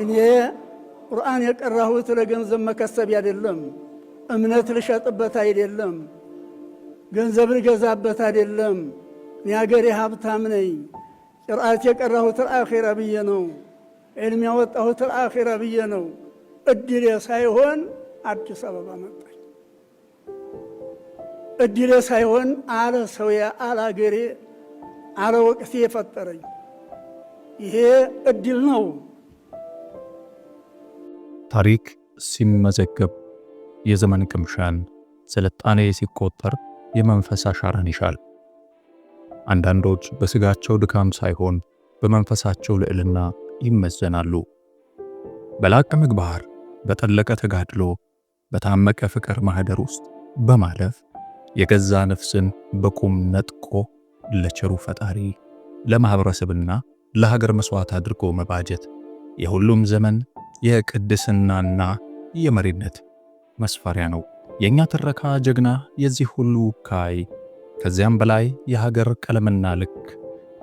እኔ ቁርአን የቀራሁት ለገንዘብ መከሰብ አይደለም፣ እምነት ልሸጥበት አይደለም፣ ገንዘብ ልገዛበት አይደለም። የሀገሬ ሀብታም ነኝ። ቅርአት የቀራሁት ለአኼራ ብዬ ነው። ዕልም ያወጣሁት ለአኼራ ብዬ ነው። እድሌ ሳይሆን አዲስ አበባ መጣኝ። እድሌ ሳይሆን አለ ሰውዬ፣ አለ አገሬ፣ አለ ወቅቴ የፈጠረኝ ይሄ እድል ነው። ታሪክ ሲመዘገብ የዘመን ቅምሻን፣ ስልጣኔ ሲቆጠር የመንፈስ አሻራን ይሻል። አንዳንዶች በስጋቸው ድካም ሳይሆን በመንፈሳቸው ልዕልና ይመዘናሉ። በላቀ ምግባር፣ በጠለቀ ተጋድሎ፣ በታመቀ ፍቅር ማህደር ውስጥ በማለፍ የገዛ ነፍስን በቁም ነጥቆ ለቸሩ ፈጣሪ ለማኅበረሰብና ለሀገር መሥዋዕት አድርጎ መባጀት የሁሉም ዘመን የቅድስናና የመሪነት መስፈሪያ ነው። የእኛ ትረካ ጀግና የዚህ ሁሉ ካይ፣ ከዚያም በላይ የሀገር ቀለምና ልክ፣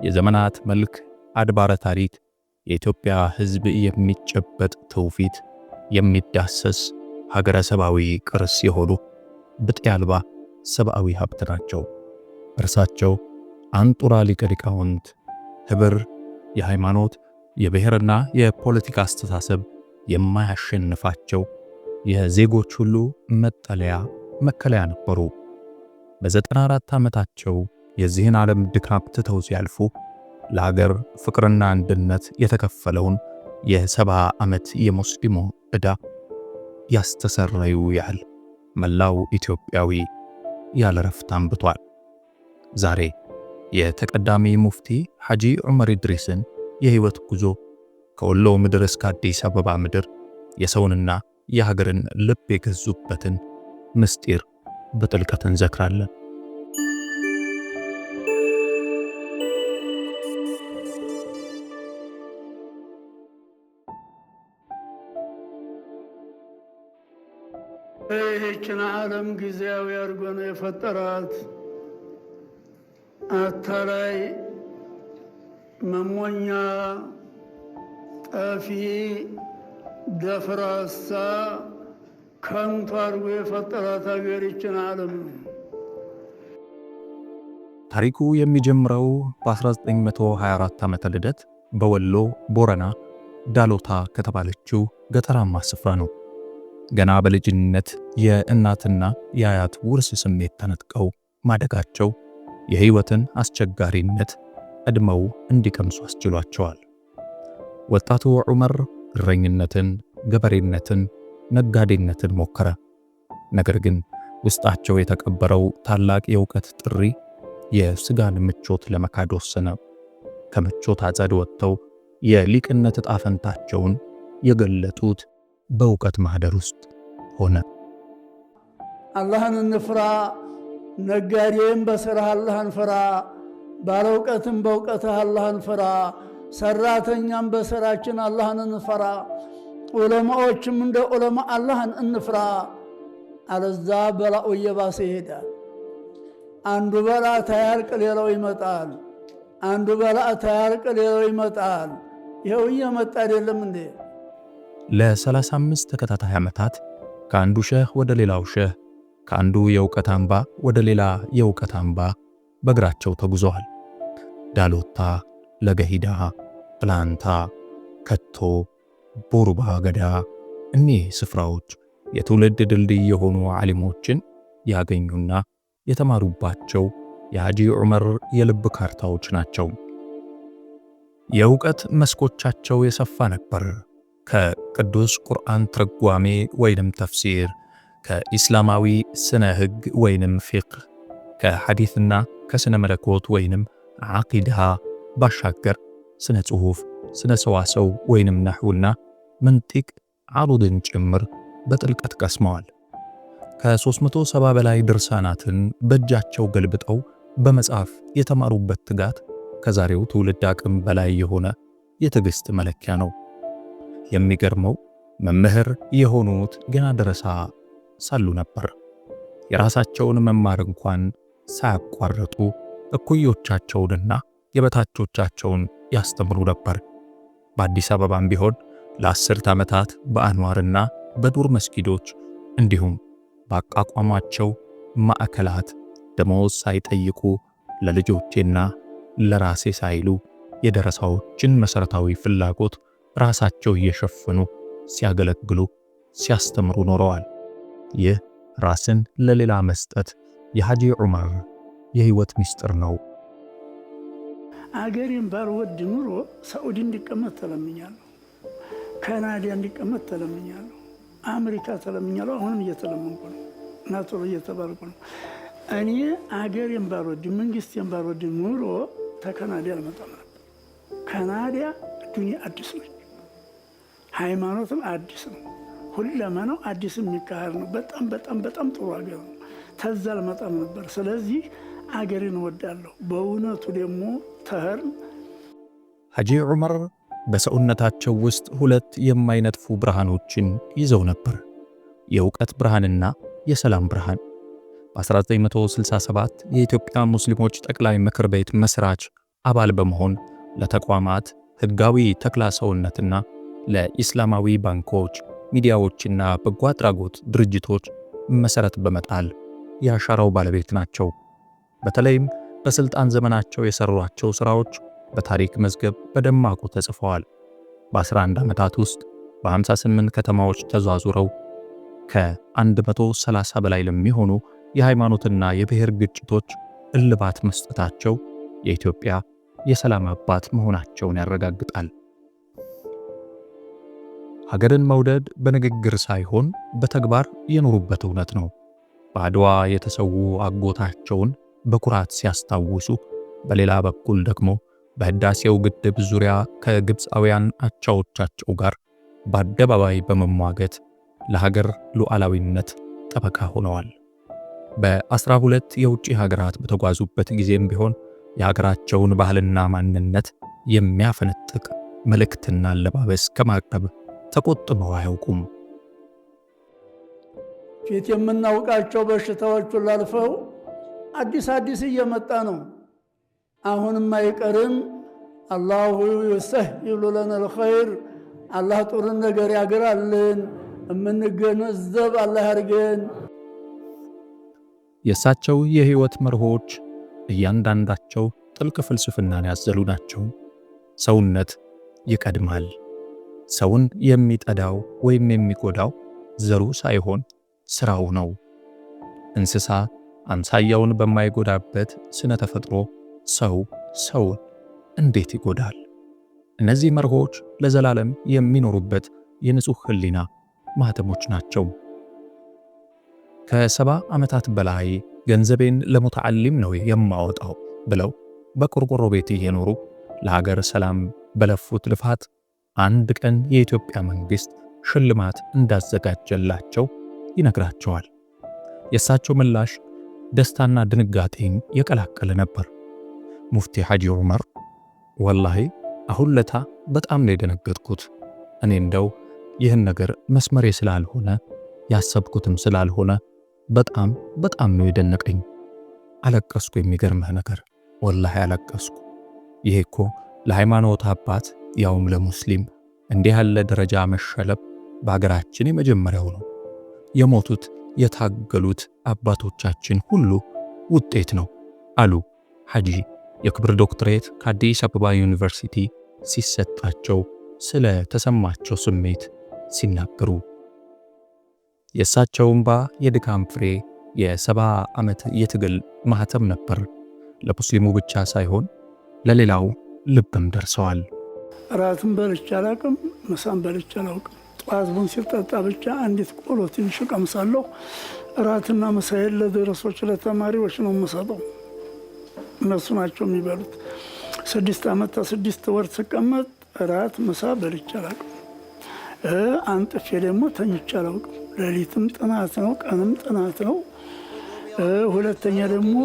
የዘመናት መልክ፣ አድባረ ታሪክ፣ የኢትዮጵያ ሕዝብ የሚጨበጥ ትውፊት፣ የሚዳሰስ ሀገረ ሰብአዊ ቅርስ የሆኑ ብጤ አልባ ሰብአዊ ሀብት ናቸው። እርሳቸው አንጡራ ሊቀ ሊቃውንት ህብር የሃይማኖት የብሔርና የፖለቲካ አስተሳሰብ የማያሸንፋቸው የዜጎች ሁሉ መጠለያ መከለያ ነበሩ። በ94 ዓመታቸው የዚህን ዓለም ድካም ትተው ሲያልፉ ለሀገር ፍቅርና አንድነት የተከፈለውን የሰባ ዓመት የሙስሊሙ ዕዳ ያስተሰረዩ ያህል መላው ኢትዮጵያዊ ያለ ረፍት አንብቷል። ዛሬ የተቀዳሚ ሙፍቲ ሐጂ ዑመር ኢድሪስን የሕይወት ጉዞ ከወሎ ምድር እስከ አዲስ አበባ ምድር የሰውንና የሀገርን ልብ የገዙበትን ምስጢር በጥልቀት እንዘክራለን። ይህችን ዓለም ጊዜያዊ አድርጎ ነው የፈጠራት። አታላይ መሞኛ ጠፊ ደፍራሳ ከንቱ አድርጎ የፈጠራት ሀገር ይችን ዓለም ነው። ታሪኩ የሚጀምረው በ1924 ዓመተ ልደት በወሎ ቦረና ዳሎታ ከተባለችው ገጠራማ ስፍራ ነው። ገና በልጅነት የእናትና የአያት ውርስ ስሜት ተነጥቀው ማደጋቸው የሕይወትን አስቸጋሪነት ዕድመው እንዲቀምሱ አስችሏቸዋል። ወጣቱ ዑመር እረኝነትን፣ ገበሬነትን፣ ነጋዴነትን ሞከረ። ነገር ግን ውስጣቸው የተቀበረው ታላቅ የእውቀት ጥሪ የስጋን ምቾት ለመካድ ወሰነ። ከምቾት አጸድ ወጥተው የሊቅነት ዕጣ ፈንታቸውን የገለጡት በእውቀት ማህደር ውስጥ ሆነ። አላህን እንፍራ፣ ነጋዴም በሥራህ አላህን ፍራ፣ ባለእውቀትም በእውቀትህ አላህን ፍራ ሰራተኛም በስራችን አላህን እንፈራ፣ ዑለማዎችም እንደ ዑለማ አላህን እንፍራ። አለዛ በላኡ እየባሰ ይሄዳል። አንዱ በላ ታያርቅ ሌላው ይመጣል። አንዱ በላ ታያርቅ ሌላው ይመጣል። ይኸው እየመጣ አይደለም እንዴ? ለ35 ተከታታይ ዓመታት ከአንዱ ሸህ ወደ ሌላው ሸህ ከአንዱ የእውቀት አምባ ወደ ሌላ የእውቀት አምባ በእግራቸው ተጉዘዋል። ዳሎታ ለገሂዳ ፕላንታ፣ ከቶ፣ ቦርባ ገዳ። እኒህ ስፍራዎች የትውልድ ድልድይ የሆኑ ዓሊሞችን ያገኙና የተማሩባቸው የሃጂ ዑመር የልብ ካርታዎች ናቸው። የእውቀት መስኮቻቸው የሰፋ ነበር። ከቅዱስ ቁርአን ትርጓሜ ወይንም ተፍሲር፣ ከኢስላማዊ ስነ ሕግ ወይንም ፊቅህ፣ ከሐዲትና ከስነ መለኮት ወይንም ዓቂዳ ባሻገር ስነ ጽሑፍ፣ ስነ ሰዋሰው ወይንም ናሕውና መንጢቅ ዓሉድን ጭምር በጥልቀት ቀስመዋል። ከ370 በላይ ድርሳናትን በእጃቸው ገልብጠው በመጻፍ የተማሩበት ትጋት ከዛሬው ትውልድ አቅም በላይ የሆነ የትዕግሥት መለኪያ ነው። የሚገርመው መምህር የሆኑት ገና ደረሳ ሳሉ ነበር። የራሳቸውን መማር እንኳን ሳያቋረጡ እኩዮቻቸውንና የበታቾቻቸውን ያስተምሩ ነበር። በአዲስ አበባም ቢሆን ለአስርት ዓመታት በአንዋርና በዱር መስጊዶች እንዲሁም በአቋቋማቸው ማዕከላት ደሞዝ ሳይጠይቁ ለልጆቼና ለራሴ ሳይሉ የደረሳዎችን መሠረታዊ ፍላጎት ራሳቸው እየሸፈኑ ሲያገለግሉ፣ ሲያስተምሩ ኖረዋል። ይህ ራስን ለሌላ መስጠት የሐጂ ዑመር የሕይወት ምስጢር ነው። አገሬን ባልወድ ኑሮ ሳዑዲ እንዲቀመጥ ተለምኛለሁ፣ ካናዳ እንዲቀመጥ ተለምኛለሁ፣ አሜሪካ ተለምኛለሁ። አሁንም እየተለመንኩ ነው እና ጥሩ እየተባልኩ ነው። እኔ አገሬን ባልወድ መንግስቴን ባልወድ ኑሮ ተካናዳ አልመጣም ነበር። ካናዳ ዱኒያ አዲስ ነች፣ ሃይማኖትም አዲስ ነው፣ ሁለመናው አዲስ የሚካሄድ ነው። በጣም በጣም በጣም ጥሩ ሀገር ነው። ተዛ አልመጣም ነበር። ስለዚህ አገሬን እወዳለሁ። በእውነቱ ደግሞ ሐጂ ዑመር በሰውነታቸው ውስጥ ሁለት የማይነጥፉ ብርሃኖችን ይዘው ነበር፣ የእውቀት ብርሃንና የሰላም ብርሃን። በ1967 የኢትዮጵያ ሙስሊሞች ጠቅላይ ምክር ቤት መስራች አባል በመሆን ለተቋማት ሕጋዊ ተክላ ሰውነትና ለኢስላማዊ ባንኮች፣ ሚዲያዎችና በጎ አድራጎት ድርጅቶች መሠረት በመጣል የአሻራው ባለቤት ናቸው። በተለይም በስልጣን ዘመናቸው የሰሯቸው ሥራዎች በታሪክ መዝገብ በደማቁ ተጽፈዋል። በ11 ዓመታት ውስጥ በ58 ከተማዎች ተዟዙረው ከ130 በላይ ለሚሆኑ የሃይማኖትና የብሔር ግጭቶች እልባት መስጠታቸው የኢትዮጵያ የሰላም አባት መሆናቸውን ያረጋግጣል። ሀገርን መውደድ በንግግር ሳይሆን በተግባር የኖሩበት እውነት ነው። በአድዋ የተሰዉ አጎታቸውን በኩራት ሲያስታውሱ፣ በሌላ በኩል ደግሞ በህዳሴው ግድብ ዙሪያ ከግብፃውያን አቻዎቻቸው ጋር በአደባባይ በመሟገት ለሀገር ሉዓላዊነት ጠበቃ ሆነዋል። በ12 የውጭ ሀገራት በተጓዙበት ጊዜም ቢሆን የሀገራቸውን ባህልና ማንነት የሚያፈነጥቅ መልእክትና አለባበስ ከማቅረብ ተቆጥመው አያውቁም። ፊት የምናውቃቸው በሽታዎቹን ላልፈው አዲስ አዲስ እየመጣ ነው። አሁንም አይቀርም። አላሁ ዩሰሂሉ ለነል ኸይር አላህ ጥሩን ነገር ያግራልን እምንገነዘብ አላህ ያርገን። የእሳቸው የህይወት መርሆዎች እያንዳንዳቸው ጥልቅ ፍልስፍናን ያዘሉ ናቸው። ሰውነት ይቀድማል። ሰውን የሚጠዳው ወይም የሚጎዳው ዘሩ ሳይሆን ስራው ነው። እንስሳ አምሳያውን በማይጎዳበት ስነ ተፈጥሮ ሰው ሰውን እንዴት ይጎዳል? እነዚህ መርሆች ለዘላለም የሚኖሩበት የንጹህ ህሊና ማተሞች ናቸው። ከሰባ ዓመታት በላይ ገንዘቤን ለሙተዓሊም ነው የማወጣው ብለው በቆርቆሮ ቤት የኖሩ ለሀገር ሰላም በለፉት ልፋት አንድ ቀን የኢትዮጵያ መንግሥት ሽልማት እንዳዘጋጀላቸው ይነግራቸዋል። የእሳቸው ምላሽ ደስታና ድንጋጤን የቀላቀለ ነበር። ሙፍቲ ሐጂ ዑመር ወላሂ አሁን ለታ በጣም ነው የደነገጥኩት። እኔ እንደው ይህን ነገር መስመሬ ስላልሆነ ያሰብኩትም ስላልሆነ በጣም በጣም ነው የደነቀኝ። አለቀስኩ። የሚገርምህ ነገር ወላሂ አለቀስኩ። ይሄ እኮ ለሃይማኖት አባት ያውም ለሙስሊም እንዲህ ያለ ደረጃ መሸለብ በአገራችን የመጀመሪያው ነው። የሞቱት የታገሉት አባቶቻችን ሁሉ ውጤት ነው አሉ ሐጂ። የክብር ዶክትሬት ከአዲስ አበባ ዩኒቨርሲቲ ሲሰጣቸው ስለ ተሰማቸው ስሜት ሲናገሩ የእሳቸው እንባ የድካም ፍሬ የሰባ ዓመት የትግል ማህተም ነበር። ለሙስሊሙ ብቻ ሳይሆን ለሌላው ልብም ደርሰዋል። እራትም በልቼ አላቅም፣ ምሳም በልቼ አላውቅም። ጠዋት ቡን ሲጠጣ ብቻ አንዲት ቆሎ ትንሽ ቀምሳለሁ። እራትና ምሳዬን ለደረሶች ለተማሪዎች ነው የምሰጠው። እነሱ ናቸው የሚበሉት። ስድስት ዓመት ከስድስት ወር ስቀመጥ እራት ምሳ በልቼ አላውቅም። አንጥፌ ደግሞ ተኝቼ አላውቅም። ሌሊትም ጥናት ነው፣ ቀንም ጥናት ነው። ሁለተኛ ደግሞ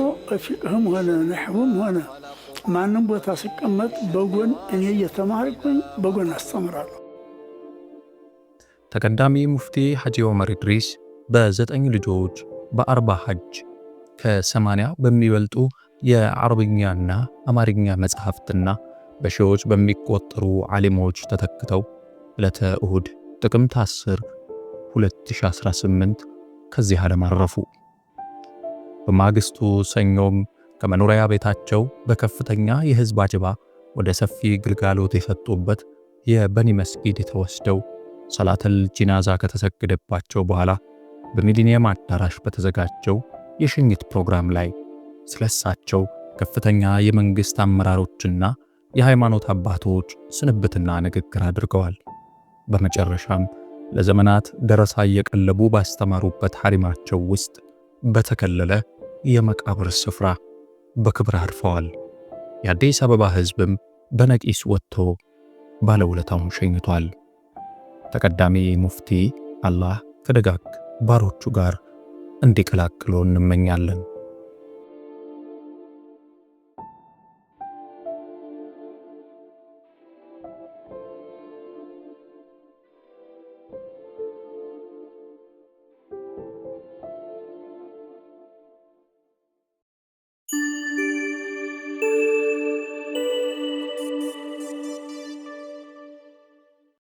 ፊቅህም ሆነ ነሕቡም ሆነ ማንም ቦታ ስቀመጥ በጎን እኔ እየተማርኩኝ በጎን አስተምራለሁ። ተቀዳሚ ሙፍቲ ሐጂ ዑመር ኢድሪስ በዘጠኝ ልጆች በአርባ ሐጅ ከሰማንያ በሚበልጡ የአረብኛና አማርኛ መጽሐፍትና በሺዎች በሚቆጠሩ ዓሊሞች ተተክተው ዕለተ እሁድ ጥቅምት 10 2018 ከዚህ ዓለም አረፉ። በማግስቱ ሰኞም ከመኖሪያ ቤታቸው በከፍተኛ የሕዝብ አጀባ ወደ ሰፊ ግልጋሎት የሰጡበት የበኒ መስጊድ ተወስደው ሰላተል ጂናዛ ከተሰገደባቸው በኋላ በሚሊኒየም አዳራሽ በተዘጋጀው የሽኝት ፕሮግራም ላይ ስለሳቸው ከፍተኛ የመንግሥት አመራሮችና የሃይማኖት አባቶች ስንብትና ንግግር አድርገዋል። በመጨረሻም ለዘመናት ደረሳ እየቀለቡ ባስተማሩበት ሐሪማቸው ውስጥ በተከለለ የመቃብር ስፍራ በክብር አርፈዋል። የአዲስ አበባ ሕዝብም በነቂስ ወጥቶ ባለውለታውን ሸኝቷል። ተቀዳሚ ሙፍቲ አላህ ከደጋግ ባሮቹ ጋር እንዲቀላቅሎ እንመኛለን።